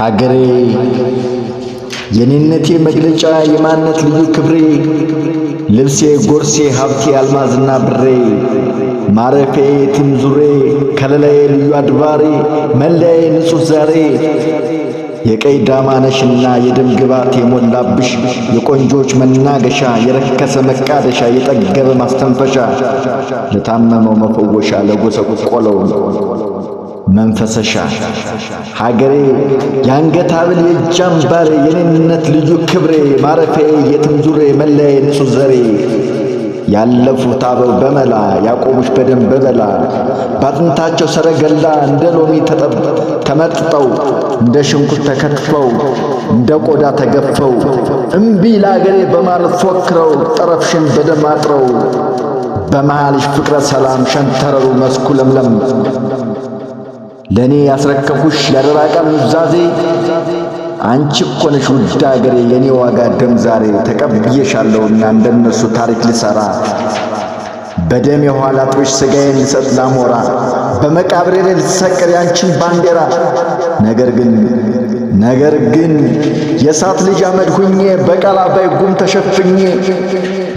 ሀገሬ የኔነቴ መግለጫ የማንነት ልዩ ክብሬ ልብሴ ጎርሴ ሀብቴ አልማዝና ብሬ ማረፌ ትምዙሬ ከለላዬ ልዩ አድባሬ መለያዬ ንጹሕ ዛሬ የቀይ ዳማነሽና የደም ግባት የሞላብሽ የቆንጆች መናገሻ የረከሰ መቃደሻ የጠገበ ማስተንፈሻ ለታመመው መፈወሻ ለጎሰቆለው መንፈሰሻ ሀገሬ የአንገት ሐብል የእጅ አምባር የኔነት ልዩ ክብሬ ማረፊያዬ የትም ዙሬ መለያዬ ንጹሕ ዘሬ ያለፉት አበው በመላ ያቆሙሽ በደም በበላ ባጥንታቸው ሰረገላ እንደ ሎሚ ተመጥጠው እንደ ሽንኩርት ተከትፈው እንደ ቆዳ ተገፈው እምቢ ለአገሬ በማለት ፎክረው ጠረፍሽን በደም አጥረው በመሃልሽ ፍቅረ ሰላም ሸንተረሩ መስኩ ለምለም ለእኔ ያስረከፉሽ ለደራቀም ኑዛዜ አንቺ እኮ ነሽ ውድ አገሬ የኔ ዋጋ ደም ዛሬ ተቀብዬሻለሁና እንደነሱ ታሪክ ሊሰራ በደም የኋላ ጥሽ ሥጋዬን ልሰጥ ላሞራ በመቃብሬ ላይ ልትሰቅል ያንቺን ባንዲራ ነገር ግን ነገር ግን የእሳት ልጅ አመድ ሁኜ በቃል አባይ ጉም ተሸፍኜ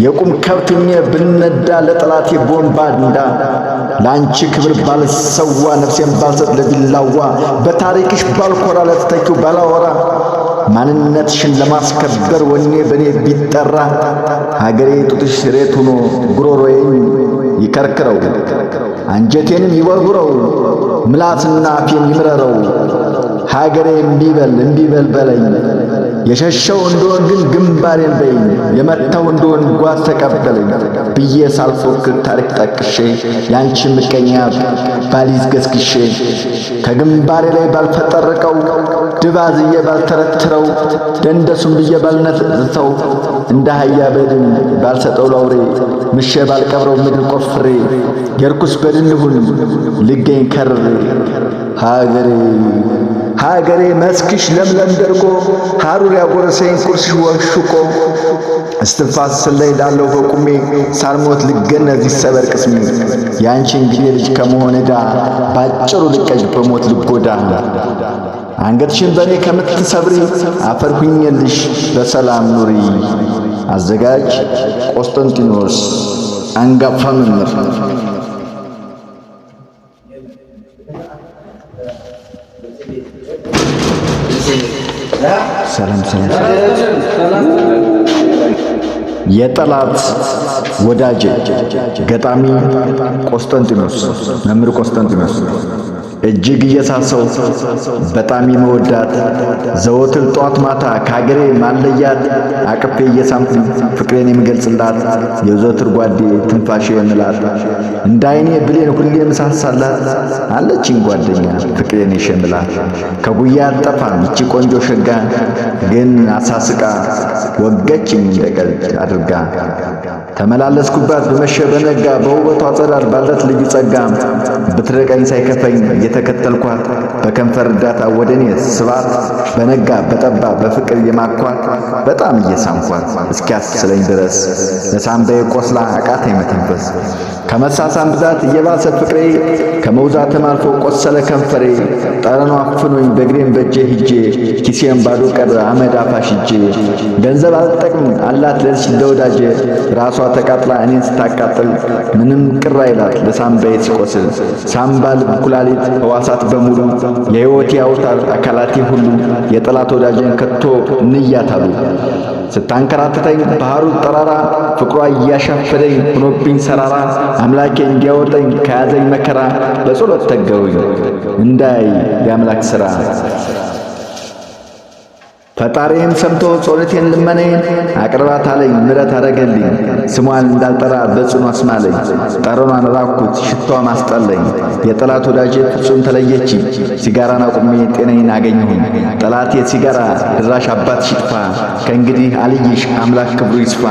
የቁም ከብት ሁኜ ብነዳ ለጠላቴ ቦምባ እንዳ ለአንቺ ክብር ባልሰዋ ነፍሴን ባልሰጥ ለቢላዋ በታሪክሽ ባልኮራ ለተተኪው ባላወራ ማንነትሽን ለማስከበር ወኔ በኔ ቢጠራ ሀገሬ ጡትሽ ስሬት ሆኖ ጉሮሮዬን ይከርክረው አንጀቴንም ይወርውረው ምላስና አፌን ይምረረው ሀገሬ እምቢበል እምቢበል በለኝ የሸሸው እንደሆን ግን ግንባሬን በይኝ የመታው እንደሆን ጓዝ ተቀበለኝ ብዬ ሳልፎክር ታሪክ ጠቅሼ ያንቺ ምቀኛ ባሊዝ ገስግሼ ከግንባሬ ላይ ባልፈጠረቀው ድባዝዬ ባልተረትረው ደንደሱም ብዬ ባልነዝተው እንደ አህያ በድን ባልሰጠው ላውሬ ምሼ ባልቀብረው ምድር ቆፍሬ የርኩስ በድን ልሁን ልገኝ ከርሬ ሀገሬ ሀገሬ መስክሽ ለምለም ደርቆ ሀሩር ያጎረሰኝ ቁርስሽ ወሽቆ እስትንፋስ ስለይ ዳለው በቁሜ ሳልሞት ልገነዝ ይሰበር ቅስሜ ያንቺ እንግዴ ልጅ ከመሆን ዕዳ ባጭሩ ልቀጅ በሞት ልጎዳ አንገትሽን በእኔ ከምትሰብሪ አፈር ሁኜልሽ በሰላም ኑሪ። አዘጋጅ ቆስጠንጢኖስ አንጋፋ መምህር ሰላም ሰላም የጠላት ወዳጅ ገጣሚ ቆስጠንጢኖስ መምህር ቆስጠንጢኖስ እጅግ እየሳሰው በጣም የመወዳት ዘወትር ጧት ማታ ከአገሬ ማለያት አቅፌ እየሳምኩ ፍቅሬን የምገልጽላት የዘወትር ጓዴ ትንፋሽ የሆንላት እንደ አይኔ ብሌን ሁሌ ምሳሳላት አለችኝ ጓደኛ ፍቅሬን የሸምላት ከጉያ አጠፋም ይቺ ቆንጆ ሸጋ ግን አሳስቃ ወገችኝ እንደቀልድ አድርጋ ተመላለስኩባት በመሸ በነጋ በውበቷ ጸዳል ባለት ልዩ ጸጋም ብትርቀኝ ሳይከፈኝ የተከተልኳት በከንፈር እርዳታ ወደ እኔ ስባት በነጋ በጠባ በፍቅር የማኳት በጣም እየሳምኳት እስኪያስለኝ ድረስ ለሳምባዬ ቆስላ አቃተኝ መተንፈስ ከመሳሳም ብዛት እየባሰ ፍቅሬ ከመውዛትም አልፎ ቆሰለ ከንፈሬ ጠረኗ አፍኖኝ በእግሬም በእጄ ሂጄ ኪሴም ባዶ ቀረ አመድ አፋሽጄ ገንዘብ አልጠቅም አላት ለልጅ ለወዳጄ ራሷ ተቃጥላ እኔን ስታቃጥል ምንም ቅር አይላት። ለሳምባዬ ሲቆስል ሳምባል ኩላሊት ህዋሳት በሙሉ የህይወት አውታር አካላቴ ሁሉ የጠላት ወዳጄን ከቶ ንያታሉ። ስታንከራትተኝ ባህሩ ጠራራ ፍቅሯ እያሻፈደኝ ሆኖብኝ ሰራራ አምላኬ እንዲያወጠኝ ከያዘኝ መከራ በጸሎት ተገሩኝ እንዳይ የአምላክ ሥራ ፈጣሪም ሰምቶ ጸሎቴን ልመናዬን አቅርባት አለኝ። ምረት አደረገልኝ። ስሟን እንዳልጠራ በጽኑ አስማለኝ። ጠረኗን ራኩት፣ ሽታዋም አስጠላኝ። የጠላት ወዳጄ ፍጹም ተለየች። ሲጋራን አቁሜ ጤነኝን አገኘሁኝ። ጠላቴ ሲጋራ ድራሽ አባት ሽጥፋ፣ ከእንግዲህ አልይሽ አምላክ ክብሩ ይስፋ።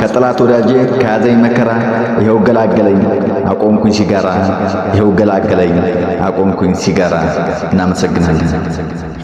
ከጠላት ወዳጄ ከያዘኝ መከራ ይኸው ገላገለኝ፣ አቆምኩኝ ሲጋራ። ይኸው ገላገለኝ፣ አቆምኩኝ ሲጋራ። እናመሰግናለን።